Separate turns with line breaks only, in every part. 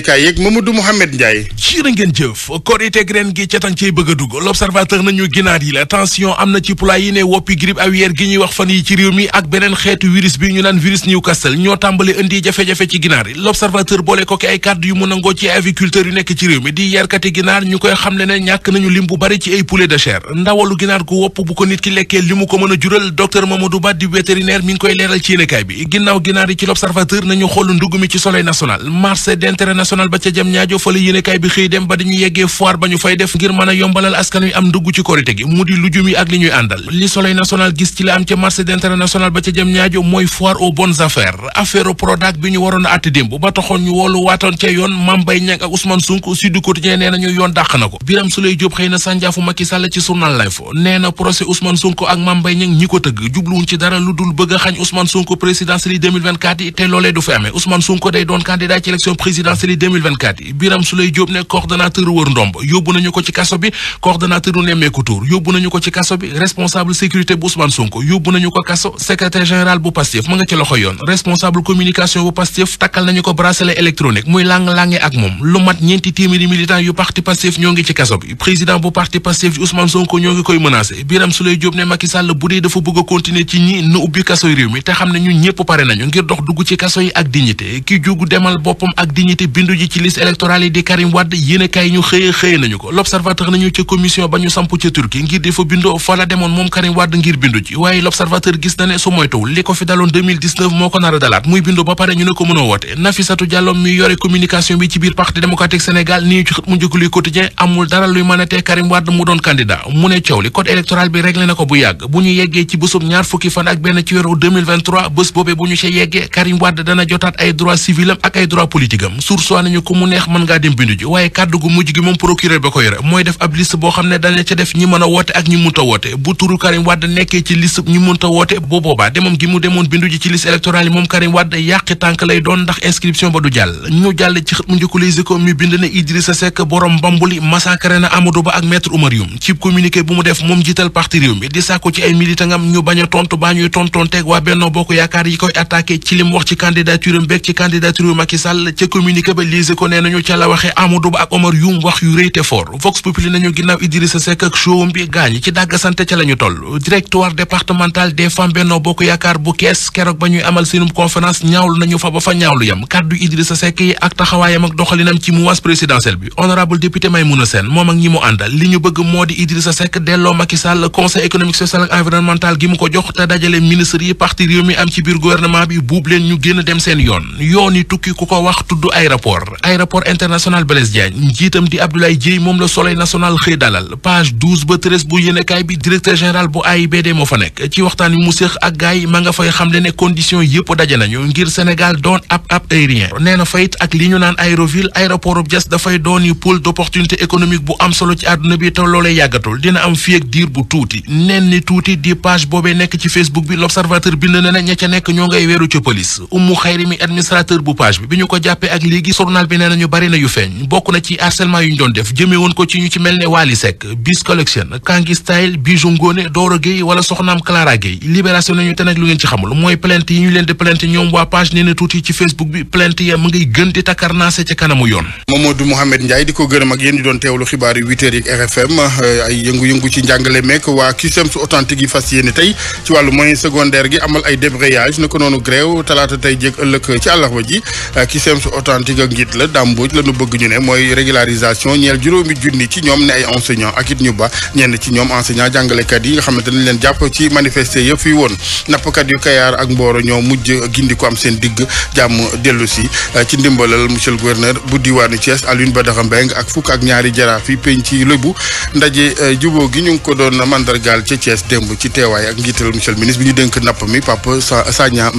kaay yeeg Mamadou Mouhamed Ndiaye ci ngeen jëf korite ren gi ca tan cey bëgg a dugg l'observateur nañu ginaar yi la tension am na ci poulailler yi ne woppi grippe aviaire gi ñuy wax fan yi ci réew mi ak beneen xeetu virus bi ñu naan virus Newcastle ñoo tàmbale indi jafe-jafe ci ginaar yi l'observateur boole ko ki ay kàddu yu mu nangoo ci aviculteurs yu nekk ci réew mi di yarkati ginaar ñu koy xamle ne ñàkk nañu lim bu bari ci ay poulet de chair ndawalu ginaar a jural ngi koy leeral ci yéenekaay bi ginnaaw ginaar yi ci l'observateur nañu national ba ca jëm ñaajo fële yéenekaay bi xëy dem ba dañuy yeggee foire ba ñu fay def ngir mën a yombalal askan wi am ndugg ci korite gi mu di lujum yi ak li ñuy àndal li soleil national gis ci la am ca marché international ba ca jëm ñaajo mooy foire aux bonnes affaires affaire Prodac bi ñu waroon a àtte démb ba taxoon ñu woolu waatoon ca yoon Mame Mbaye Niang ak Ousmane Sonko Sud Quotidien nee nañu yoon dàq na ko Birame Souleye Diop xëy na sànjaafu Macky Sall ci na procès Ousmane Sonko ak Mame Mbaye Niang ñi ko tëgg jubluwuñ dara lu dul bëgg a xañ Ousmane Sonko présidentielle 2024 yi te loolee du yi 2024 yi Biram ne coordonnateur wër ndomb yóbbu nañu ko ci kaso bi coordonnateur u nemmeeku yóbbu nañu ko ci kaso bi responsable sécurité bu Ousmane Sonko yóbbu nañu ko kaso secrétaire général bu Pastef ma nga ci loxo yoon responsable communication bu Pastef takkal nañu ko bracelet électronique muy lang ak moom lu mat ñeenti téeméeri militant yu parti Pastef ñoo ngi ci kaso bi président bu parti Pastef Ousmane Sonko ñoo ngi koy menacé Biram bindu ci liste électorale yi di Karim Wade yéen ñu xëye xëye nañu ko l'observateur nañu ca commission ba ñu samp ca Turquie ngir di bindoo fa demoon moom Karim ngir bindu waaye l'observateur gis na su moytuwul li ko fi daloon moo ko nar dalaat muy bindu ba pare ñu ne ko mënoo woote Nafissatou Diallo mi yore communication bi ci biir parti démocratique Sénégal nii ci xët mu njëkk luy quotidien amul dara luy mën a mu doon candidat waa nañu ko mu neex mën ngaa dem bindu ji waaye kàddu gu mujj gi moom procureur ba ko yore mooy def ab liste boo xam ne dana ca def ñi mën a woote ak ñi munta woote bu boobaa demoom gi mu demoon bindu ji ci liste électorale moom Karim Wade yàqi tànk lay doon ndax inscription ba du jàll ñu jàll ci xët mu njëkk Les Échos mi bind na Idrissa Seck borom Bambuli massacré na Amadou Ba ak maître Oumar ci communiqué bu mu def moom jiital parti réew mi di sàkku ay militangam ñu bañ a tontu baa ñuy tontonteeg waa Benno Bokk Yaakaar yi koy ci li mu wax ci candidature mbéeg ci candidature Macky Sall ca communiqué ba liise ko nee nañu ca la waxee Amadou Ba ak Omar Youm wax yu rëy te fort Vox Populi nañu ginnaaw Idrissa Seck ak showam bi gaañ ci dàgg sante ca la ñu toll directoire départemental Benno Bokk Yaakaar bu Kees keroog ba ñuy amal seenum conférence ñaawlu nañu fa ba fa ñaawlu yam kàddu Idrissa Seck yi ak taxawaayam ak doxalinam ci mouvance présidentielle bi honorable député Maymouna Sène moom ak ñi mu àndal li ñu bëgg moo di Idrissa Seck delloo yoon yoon yi tukki ku ko aéroport aéroport international Blaise Diagne njiitam di Abdoulaye Dièye moom la soleil national xëy dalal page ba 13 bu yéenekaay bi directeur général bu AIBD moo fa nekk ci waxtaan wi mu séex ak gaay ma nga fay xamle ne condition yëpp daje nañu ngir Sénégal doon ab ab aérien nee na fayit ak li ñu naan aéroville aéroport bu Diass dafay doon yu pôle d'opportunité bu am solo ci àdduna bi te loolee yàggatul dina am fii ak diir bu tuuti neen ni tuuti di page boobee nekk ci ci journal bi nee nañu bari na yu feeñ bokk na ci harcèlement yu ñu doon def jëmee woon ko ci ñu ci mel ne Wally Seck Bis Collection Kangi Style Bijou Ngoné Doro Gueye wala soxnaam Clara Gueye libération nañu te nag lu ngeen ci xamul mooy plainte yi ñu leen di plainte ñoom waa page nee na tuuti ci Facebook bi plainte ya mu ngay gën di takkar naase ca kanamu yoon
Mamadou Mouhamed Ndiaye di ko gërëm ak yéen di doon teewlu xibaar yi huit heures yi RFM euh, ay yëngu ci njàngale meek waa CUSEMS su authentique yi fas yéene tey ci wàllu moyen secondaire gi amal ay débrayage na ko noonu grève talaata Rajo Ngit la Dambooj la ñu bëgg ñu ne mooy régularisation ñeel juróomi junni ci ñoom ne ay enseignant ak it ñu ba ñenn ci ñoom enseignant jàngalekat yi nga xamante nañ leen jàpp ci manifester yëpp fi woon nappkat yu Kayaar ak Mbooro ñoo mujj gindi ko am seen digg jàmm dellu si ci ndimbalal monsieur le gouverneur bu diwaanu Thiès Alioune Badara Mbengue ak fukk ak ñaari jaraaf yi penc ci Lebu ndaje eh, jubóo gi ñu ngi ko doon mandargaal ca Thiès démb ci teewaay ak njiital monsieur le ministre bi ñu dénk napp mi Papa Sagna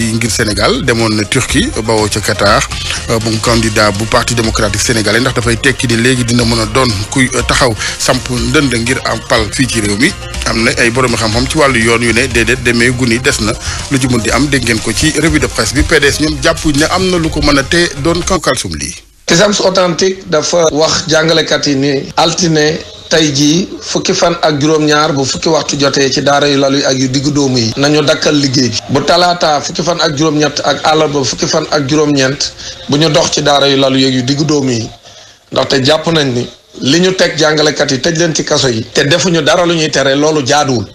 Mali ngir Sénégal demoon na Turquie bawoo ca Qatar euh, bu candidat bu parti démocratique sénégalais ndax dafay tekki ni léegi dina mën a doon kuy euh, taxaw samp ndënd ngir am pal fii ci réew mi am na ay borom xam-xam ci wàllu yoon yu ne déedéet demee guni des na lu ci mën di am dégg ko ci revue de presse bi PDS ñoom jàppuñ ne am na lu ko mën a tee doon kan kalsum lii.
Tisane authentique dafa wax jàngalekat yi ni altine tey jii fukki fan ak juróom-ñaar bu fukki waxtu jotee ci daara yu lalu ak yu diggu doomu yi nañu dakkal liggéey bi bu talaata fukki fan ak juróom-ñett ak àllarba fukki fan ak juróom-ñeent bu ñu dox ci daara yu lalu yeeg yu diggu doomu yi ndaxte jàpp nañ ni li ñu teg jàngalekat yi tëj leen ci kaso yi te defuñu dara lu ñuy tere loolu jaaduwul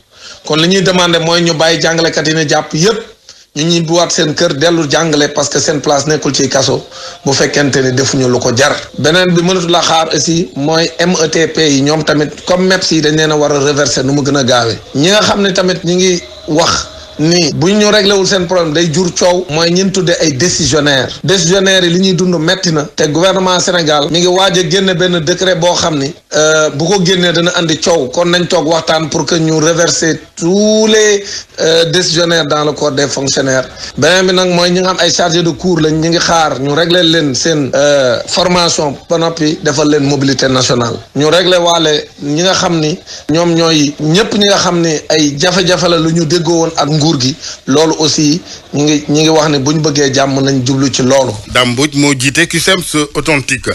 kon li ñuy demandé mooy ñu bàyyi jàngalekat yi ne jàpp yépp ñu ñibbiwaat seen kër dellu jàngale parce que seen place nekkul ci kaso bu fekkente ne defuñu lu ko jar beneen bi mënatu la xaar aussi mooy METP yi ñoom tamit comme MEPS yi dañ leen a war a reverser nu mu gën a gaawee ñi nga xam ne tamit ñi ngi wax. nii bu ñu réglé wul seen problème day jur coow mooy ñin tudde ay décisionnaire décisionnaires yi li ñuy dund metti na te gouvernement Sénégal mi ngi waaj génne benn décret boo xam ni euh, bu ko génnee dana indi coow kon nañ toog waxtaan pour que ñu reverser tous les euh, décisionnaires dans le corps des fonctionnaires beneen bi nag mooy ñi nga xam ay chargé de cours lañ ñi ngi xaar ñu réglé leen seen euh, formation ba noppi defal leen mobilité nationale ñu réglé waale ñi nga xam ni ñoom ñooy ñëpp ñi nga xam ni ay jafe-jafe la lu ñu nguur gi loolu aussi ñi ngi wax ne bu ñu bëggee jàmm nañ jublu ci loolu. Dame Mbodj moo jiite CUSEMS authentique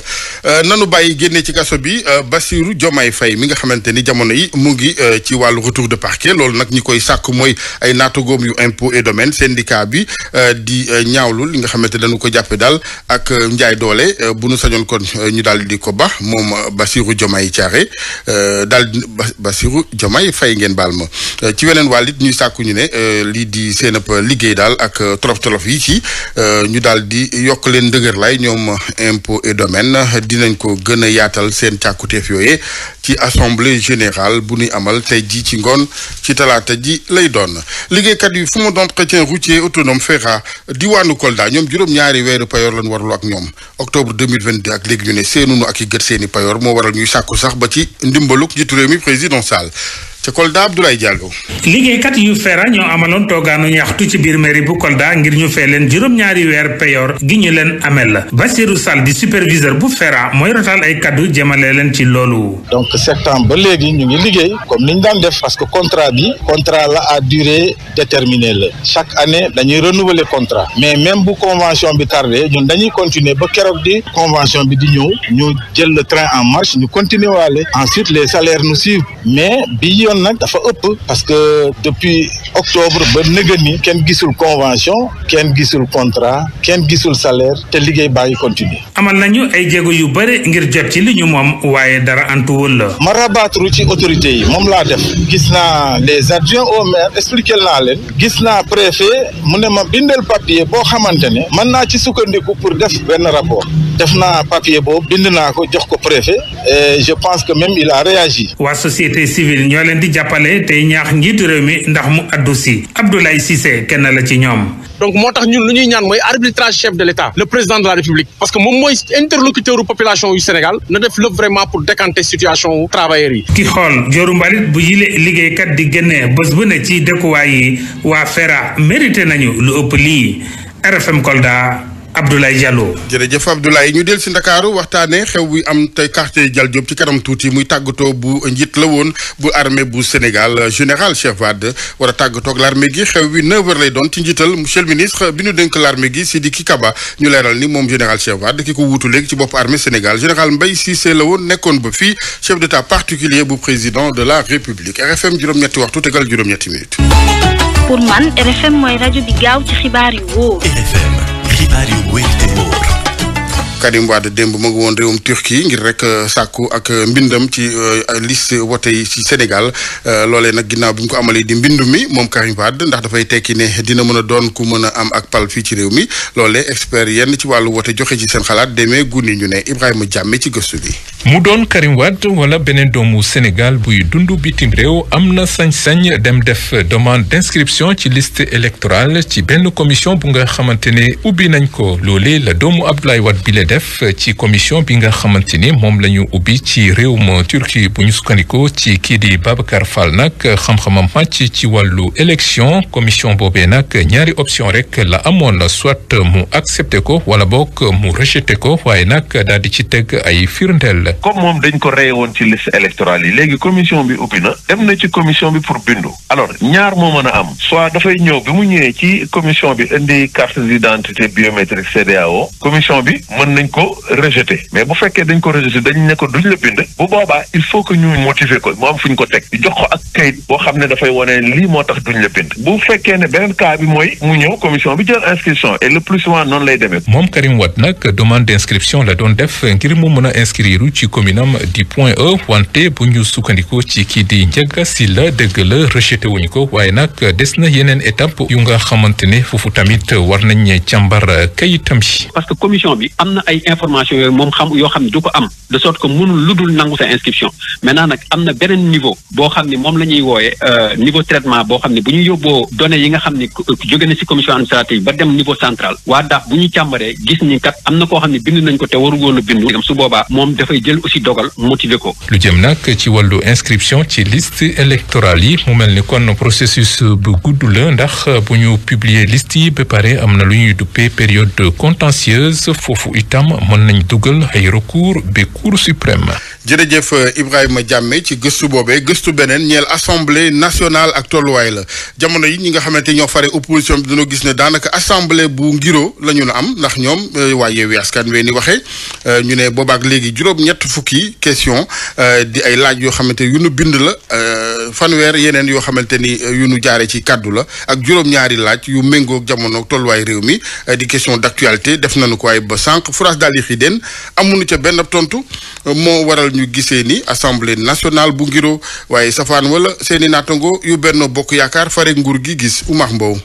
euh, nanu bàyyi
génne ci kaso bi euh, Bassirou Diomaye Faye mi nga xamante ni jamono yi mu ngi euh, ci wàllu retour de parquet loolu nag ñi koy sàkk mooy ay naatagoom yu impôt et domaine syndicat bi di ñaawlu li nga xamante dañu ko jàppe daal ak njaay doole bu nu sañoon kon ñu daal di ko ba moom Bassirou Diomaye Thiaré daal Bassirou Diomaye Faye ngeen baal ma ci weneen wàll it ñuy sàkku ne. lii di seen liggéey daal ak trop euh, trop yi ci euh, ñu daal di yokk leen ndëgër lay ñoom impôt et domaine dinañ ko gën a yaatal seen càkkutéef yooyee ci assemblée générale bu ñuy amal tey jii ci ngoon ci talaata ji lay doon liggéeykat yi fonds d'entretien routier autonome FERA diwaanu Kolda ñoom juróom-ñaari weeru payoor lañ warlu ak ñoom octobre 2022 ak léegi ñu ne seenunu ak i gët seeni payoor moo waral ñuy sàkku sax ba ci ndimbaluk njiitu réew mi président Sall ca Kolda Abdoulaye Diallo.
liggéeykat yu fera ñoo amaloon toogaanu ñaxtu ci biir mairie bu Kolda ngir ñu fee leen juróom-ñaari weer peyoor gi ñu leen la amel Bassirou Sall di superviseur bu fera mooy rotal ay kaddu jëmale leen ci loolu. donc septembre ba léegi ñu ngi liggéey comme ni ñu daan def parce que contrat bi
contrat la à durée déterminée la chaque année dañuy renouveler contrat mais même bu convention bi tardé ñu dañuy continuer ba keroog di convention bi di ñëw ñu jël le train en marche ñu continuer waale ensuite les salaires nous suivent yoon nag dafa ëpp parce que depuis octobre ba nëga ni kenn gisul convention kenn gisul contrat
kenn gisul salaire te liggéey baa ngi continuer amal nañu ay jéego yu bëri ngir jot ci li ñu moom waaye dara antuwul la ma rabaatru ci autorité yi moom laa def gis naa les adjoints au maire expliqué naa leen gis naa préfet mu ne ma bindeel papier boo xamante
ne mën naa ci sukkandiku pour def benn rapport def naa papier boobu bind naa ko jox ko préfet
et je pense que même il a réagi. waa société civile ñoo leen di jàppale tey ñaax njiitu réew mi ndax mu addu si Abdoulaye Cissé kenn la ci ñoom. donc moo tax ñun lu ñuy ñaan mooy arbitrage chef de l'État le président de la République parce que moom mooy interlocuteur u population yu Sénégal na def lépp vraiment pour décanter situation wu travailleurs yi. ki xool joru mbalit bu yile kat di génne bés bu ne ci dëkkuwaay yi waa FERA mérité nañu lu ëpp lii RFM Kolda. Abdoulaye Diallo. jërëjëf Abdoulaye ñu del si Ndakaaru waxtaanee xew bi am tey
quartier jal Diop ci kanam tuuti muy tàggatoo bu njiit la woon bu armée bu Sénégal général chef Wade war a tàggatoo ak l'armée gi xew bi 9h lay doon ci njiital monsieur le ministre bi ñu dénk l'armée gi Sidiki Kaba ñu leeral ni moom général chef Wade ki ko wuutu léegi ci bopp armée Sénégal général Mbaye Cissé la woon nekkoon ba fii chef d'état particulier bu président de la République RFM juróom-ñetti waxtu tegal juróom-ñetti minutes. pour man xibaar yu wér te wóor Karim Wade démb ma ngi woon réewum Turquie ngir rek euh, sàkku ak euh, mbindam ci euh, liste wote yi ci Sénégal loolee nag ginnaaw bi mu ko amalee di mbindu mi moom Karim Wade ndax dafay tekki ne dina mën a doon ku mën a am ak pal fii ci réew mi loole expert yenn ci wàllu wote joxe ci seen xalaat demee guni ñu ne Ibrahima Jàmme ci gëstu bi.
mu doon Karim Wade wala beneen doomu Sénégal buy dund bitim réew am na sañ-sañ dem def demande d'inscription ci list électorale ci benn commission bu nga xamante ne ubbi nañ ko loolee la doomu Abdoulaye Wade def ci commission bi nga xamante ni moom la ñu ubbi ci réew réewum Turquie bu ñu sukkandikoo ci kii di Babacar Fall nag xam-xamam màcc ci wàllu élection commission boobee nag ñaari option rek la amoon soit mu accepté ko wala boog mu rejeté ko waaye nag daal di ci teg ay firndeel. comme moom dañ ko rey woon ci liste électorale yi léegi commission bi ubbi na dem na ci commission bi pour bindu alors ñaar moo mën a am soit dafay ñëw bi mu ñëwee ci commission bi indi carte d'identité biométrique CEDEAO commission bi mën nañ ko rejeté mais bu fekkee dañ ko rejeté dañ ne ko duñ la bind bu boobaa il faut que ñu motiver ko mu fu ñu ko teg jox ko ak kayit boo xam ne dafay wane lii moo tax duñ la bind bu fekkee ne beneen cas bi mooy mu ñëw commission bi jël inscription et le plus souvent noonu lay demee. moom Karim Wade nag demande d'inscription la doon def ngir mu mën a inscrire ci commune am di Point E wante bu ñu sukkandikoo ci kii di Ndiaga la dëgg la rejeté wuñu ko waaye nag des na yeneen étape yu nga xamante ne foofu tamit war nañ càmbar
kayitam yi. parce ay information yooyu moom xam yoo xam ne du ko am de sorte que mënul lu dul nangu sa inscription maintenant am na beneen niveau boo xam ne moom la ñuy wooyee euh, niveau traitement boo xam ne bu ñu yóbboo données yi nga xam ne jóge na si commission administrative ba dem niveau central waa daaf bu ñu càmbaree gis ni kat am na koo xam ne bind nañ ko te waru woon a bindu su boobaa moom dafay jël aussi dogal motiver ko.
lu jëm nag ci wàllu inscription ci liste électorale yi mu mel ni kon processus bu gudd la ndax bu ñu publier liste yi ba am na lu ñuy duppee période contentieuse foofu itam mën nañ dugal ay recours bi cour suprême
jërëjëf euh, Ibrahima Diame ci gëstu boobee gëstu beneen ñeel assemblée nationale ak tolluwaay la jamono yi ñi nga xamante ñoo fare opposition bi dañoo gis ne daanaka assemblée bu ngiro la ñu am ndax ñoom euh, waaye Yewwi Askan Wi ni waxee euh, ñu ne boobaak léegi juróom-ñett fukki question di ay laaj yoo xamante yu nu bind la fanweer yeneen yoo xamante ni yu nu jaare ci kàddu la ak juróom-ñaari laaj yu méngoog jamono tolluwaay réew mi di question d'actualité def nañu ko ay ba sànq France daal di xi deen ca benn tontu waral ñu gisee ni assemblée nationale bu ngiro waaye safaan wala seeni naatango yu benn bokk yaakaar fare nguur gi gis Oumar Mbow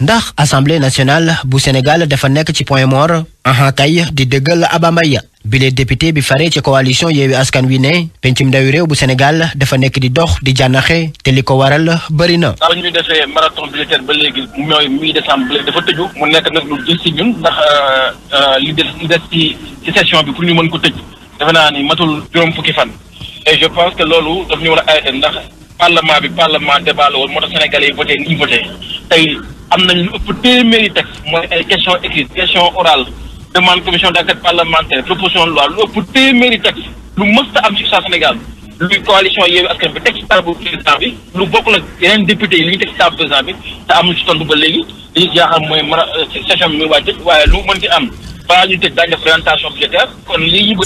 ndax assemblée nationale bu Sénégal dafa nekk ci point mort aha kay di dëggal abamaya bile député bi fare ci coalition yeewi askan wi ne pencum ndawi réew bu Sénégal dafa nekk di dox di jànnaxe te li ko waral bëri na.
ba ñu defee marathon budgétaire ba léegi mooy mi décembre dafa tëju mu nekk nag lu jël si ñun ndax euh, euh, defe naa ni matul juróom fukki fan. je pense que loolu daf ñu war a arrêté ndax parlement bi parlement débat woon moo tax sénégalais yi voté ni ñu voté tey am nañu lu ëpp téeméeri texte mooy ay question écrite question orale demande commission d'enquête parlementaire proposition de loi lu ëpp téeméeri texte lu mës a am ci sa Sénégal luy coalition Yewwi Askan Wi teg ci table président bi lu bokk la yeneen député yi li ñu teg ci table bi te amul ci tontu ba léegi li ñu jaaxal mooy mara euh, session waaye
lu mën ci am balaa ñuy tëj daañu def orientation budgétaire kon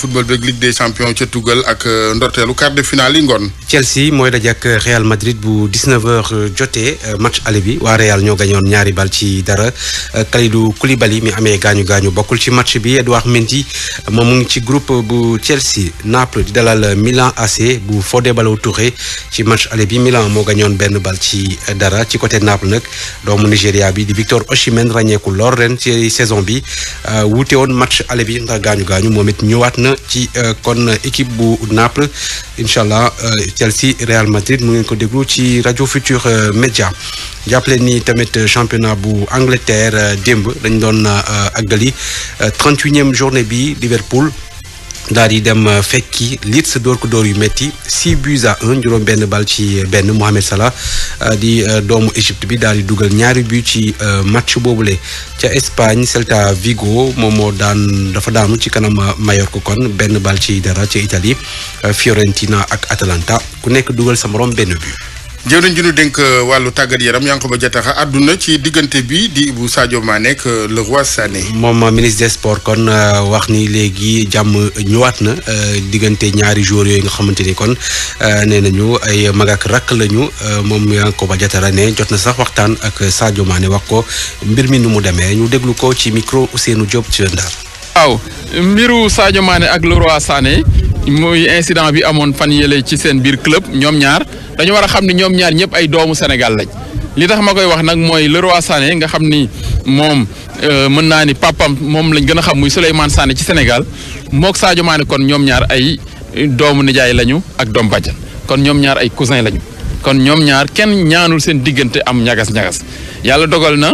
football beeg Ligue des champions ca ak euh, ndorteelu quart de finale ngoon.
Chelsea mooy dajak Real Madrid bu 19h jotee euh, match aller bi waa Real ñoo gañoon ñaari bal ci dara euh, Kalidou Koulibaly mi amee gaañu gaañu bokkul ci match bi Edouard Mendy moom mu ngi ci groupe bu Chelsea Naples di dalal Milan AC bu Fodé Ballo-Touré ci match aller bi Milan moo gañoon benn bal ci dara ci côté Naples nag doomu Nigéria bi di Victor Osimhen ràññeeku lor ren ci saison bi euh, wuute woon match aller bi ndax gaañu gaañu moom it ñëwaat na ci kon équipe bu Naples incha allah. Chelsea Real Madrid mu ngeen ko déglu ci rajo Futur Média jàppale ni tamit championnat bu Angleterre euh, démb dañ doon euh, àggali 38e euh, journée bi Liverpool. daal di dem euh, fekki sa door ko door yu métti 6 buts à 1 juróom benn bal ci euh, benn Mohamed Salah euh, di doomu Égypte bi daal di dugal ñaari but ci match boobule ca Espagne Celta Vigo moom moo daan dafa daanu ci kanam ko kon benn bal ci dara ca Italie Fiorentina ak Atalanta ku nekk dugal sa morom benn but.
jëwriñ ji ñu dénk euh, wàllu tàggat yaram Yankhoba Diattara àdduna ci diggante bi di bu Sadio Mané ak euh, Leroy Sané.
moom ministre des sports kon euh, wax ni léegi jàmm ñëwaat na diggante ñaari joueurs yooyu nga xamante ni kon nee nañu ay mag ak rakk lañu moom Yankhoba Diattara ne jot na sax waxtaan ak Sadio Mané wax ko mbir mi nu mu demee ñu déglu ko ci micro Ousseynou Diop ci Ndar.
waaw mbiru Sadio Mané ak Leroy Sané. muy incident bi amoon fan yële ci seen biir club ñoom ñaar dañu war a xam ni ñoom ñaar ñëpp ay doomu Sénégal lañ li tax ma koy wax nag mooy Leroy Sané nga xam ni moom euh, mën naa ni papam moom lañ gën a xam muy Souleymane Sané ci Sénégal mook Sadio Mané kon ñoom ñaar ay doomu nijaay lañu ak doom bàjjan kon ñoom ñaar ay cousin lañu kon ñoom ñaar kenn ñaanul seen diggante am ñagas-ñagas yàlla dogal na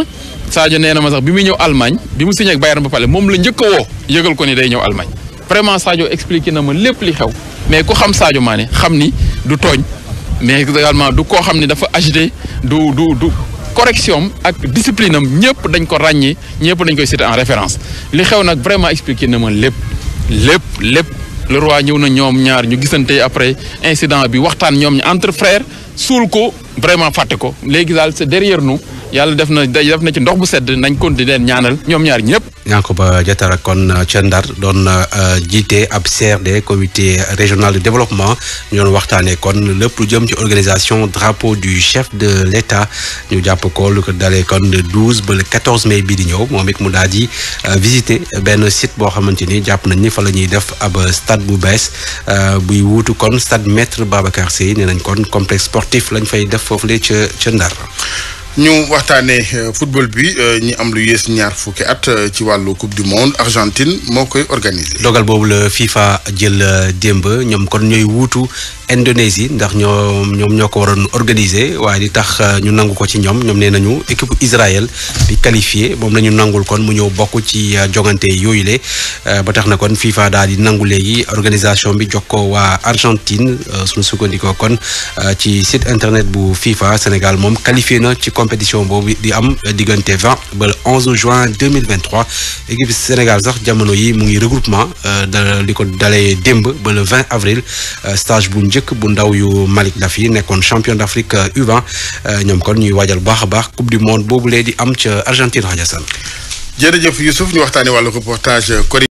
Sadio nee na ma sax bi muy ñëw Allemagne bi mu signé ak Bayern ba pare moom la njëkk a woo ko ni day ñëw Allemagne vraiment Sadio expliqué na ma lépp li xew mais ku xam Sadio Mané xam ni du tooñ mais également du koo xam ni dafa agité du du du correction ak discipline am ñëpp dañ ko ràññee ñëpp dañ koy cité en référence li xew nag vraiment expliqué na ma lépp lépp lépp le roi ñëw na ñoom ñaar ñu gisante après incident bi waxtaan ñoom ñu entre frères suul ko vraiment fàtte ko léegi daal c'est derrière nu yàlla def na def na ci ndox bu sedd nañ kon di leen ñaanal ñoom ñaar ñëpp.
ba Diatara kon uh, ca Ndar doon uh, jiite ab CRD comité régional de développement ñoon waxtaanee kon lépp lu jëm ci organisation drapeau du chef de l' ñu jàpp ko lu ko dalee kon le 12 ba le 14 mai bii di ñëw moom it mu daal di uh, visiter benn site boo xamante ni jàpp nañ ni fa la ñuy def ab stade bu bees buy wuutu kon stade maître Babacar Sèye nee nañ kon complexe sportif lañ fay def foofu le ca ca
ñu waxtaanee euh, football bi euh, ñi am lu yées ñaar fukki at euh, ci wàllu coupe du monde Argentine moo koy organisé.
dogal boobu la FIFA jël démb ñoom kon ñooy wuutu Indonésie ndax ñoo ñoom ñoo ko waroon organiser waaye li tax euh, ñu nangu ko ci ñoom ñoom nee nañu équipe Israël bi qualifié moom la ñu nangul kon mu ñëw bokk ci euh, jongante yooyu le euh, ba tax na kon FIFA daal di nangu léegi organisation bi jox ko waa Argentine suñu sukkandikoo kon ci site internet bu FIFA Sénégal moom qualifié na ci compétition boobu di am diggante 20 ba le 11 juin 2023 équipe Sénégal sax jamono yi mu ngi regroupement da li ko dalee démb ba le 20 avril stage njëkk bu ndaw yu Malick daf yi nekkoon champion d'Afrique U20 euh, euh, ñoom kon ñuy waajal baax a coupe du monde boobu lee am ca Argentine Radiassane jërëjëf Youssouf ñu waxtaanee wàllu reportage euh,